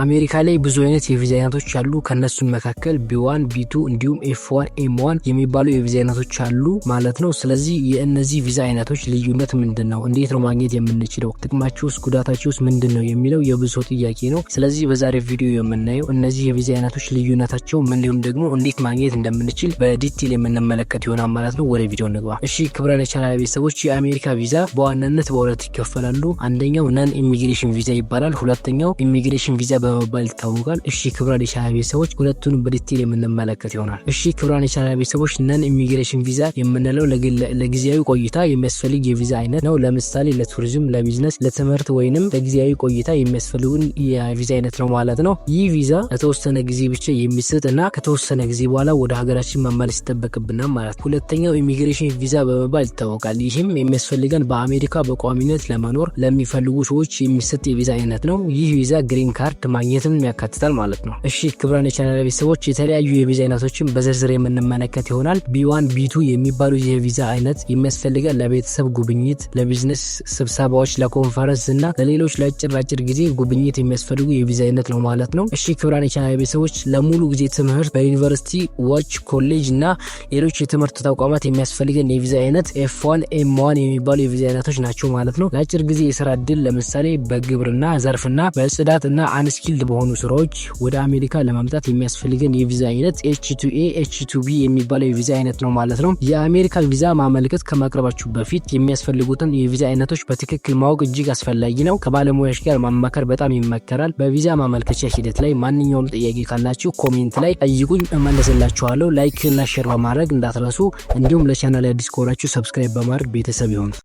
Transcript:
አሜሪካ ላይ ብዙ አይነት የቪዛ አይነቶች አሉ። ከነሱም መካከል ቢዋን፣ ቢቱ እንዲሁም ኤም ዋን የሚባሉ የቪዛ አይነቶች አሉ ማለት ነው። ስለዚህ የእነዚህ ቪዛ አይነቶች ልዩነት ምንድን ነው? እንዴት ነው ማግኘት የምንችለው? ጥቅማቸው ጉዳታቸውስ ምንድነው ምንድን ነው የሚለው የብዙ ጥያቄ ነው። ስለዚህ በዛሬ ቪዲዮ የምናየው እነዚህ የቪዛ አይነቶች ልዩነታቸው ምን፣ እንዲሁም ደግሞ እንዴት ማግኘት እንደምንችል በዲቴል የምንመለከት ይሆናል ማለት ነው። ወደ ቪዲዮ እንግባ። እሺ ክብረን የቻናል ቤተሰቦች የአሜሪካ ቪዛ በዋናነት በሁለት ይከፈላሉ። አንደኛው ነን ኢሚግሬሽን ቪዛ ይባላል። ሁለተኛው ኢሚግሬሽን ቪዛ በመባል ይታወቃል። እሺ ክብራን የሻራ ቤተሰቦች ሁለቱን በዲቴል የምንመለከት ይሆናል። እሺ ክብራን የሻራ ቤተሰቦች ነን ኢሚግሬሽን ቪዛ የምንለው ለጊዜያዊ ቆይታ የሚያስፈልግ የቪዛ አይነት ነው። ለምሳሌ ለቱሪዝም፣ ለቢዝነስ፣ ለትምህርት ወይንም ለጊዜያዊ ቆይታ የሚያስፈልጉን የቪዛ አይነት ነው ማለት ነው። ይህ ቪዛ ለተወሰነ ጊዜ ብቻ የሚሰጥ እና ከተወሰነ ጊዜ በኋላ ወደ ሀገራችን መመለስ ይጠበቅብናል ማለት ነው። ሁለተኛው ኢሚግሬሽን ቪዛ በመባል ይታወቃል። ይህም የሚያስፈልገን በአሜሪካ በቋሚነት ለመኖር ለሚፈልጉ ሰዎች የሚሰጥ የቪዛ አይነት ነው። ይህ ቪዛ ግሪን ካርድ ማግኘትም ያካትታል ማለት ነው። እሺ ክቡራን የቻናል ቤተሰቦች የተለያዩ የቪዛ አይነቶችን በዝርዝር የምንመለከት ይሆናል። ቢዋን ቢቱ የሚባሉ የቪዛ አይነት የሚያስፈልገን ለቤተሰብ ጉብኝት፣ ለቢዝነስ ስብሰባዎች፣ ለኮንፈረንስ እና ለሌሎች ለአጭር ለአጭር ጊዜ ጉብኝት የሚያስፈልጉ የቪዛ አይነት ነው ማለት ነው። እሺ ክቡራን የቻናል ቤተሰቦች ለሙሉ ጊዜ ትምህርት በዩኒቨርሲቲ ዋች ኮሌጅ እና ሌሎች የትምህርት ተቋማት የሚያስፈልገን የቪዛ አይነት ኤፍ ዋን ኤም ዋን የሚባሉ የቪዛ አይነቶች ናቸው ማለት ነው። ለአጭር ጊዜ የስራ እድል ለምሳሌ በግብርና ዘርፍና በጽዳት እና አንስ ስኪልድ በሆኑ ስራዎች ወደ አሜሪካ ለማምጣት የሚያስፈልገን የቪዛ አይነት ኤች ቱ ኤ ኤች ቱ ቢ የሚባለው የቪዛ አይነት ነው ማለት ነው። የአሜሪካ ቪዛ ማመልከት ከማቅረባችሁ በፊት የሚያስፈልጉትን የቪዛ አይነቶች በትክክል ማወቅ እጅግ አስፈላጊ ነው። ከባለሙያዎች ጋር ማማከር በጣም ይመከራል። በቪዛ ማመልከቻ ሂደት ላይ ማንኛውም ጥያቄ ካላችሁ ኮሜንት ላይ ጠይቁኝ፣ እመለስላችኋለሁ። ላይክ እና ሼር በማድረግ እንዳትረሱ። እንዲሁም ለቻናል አዲስ ከሆናችሁ ሰብስክራይብ በማድረግ ቤተሰብ ይሆኑ።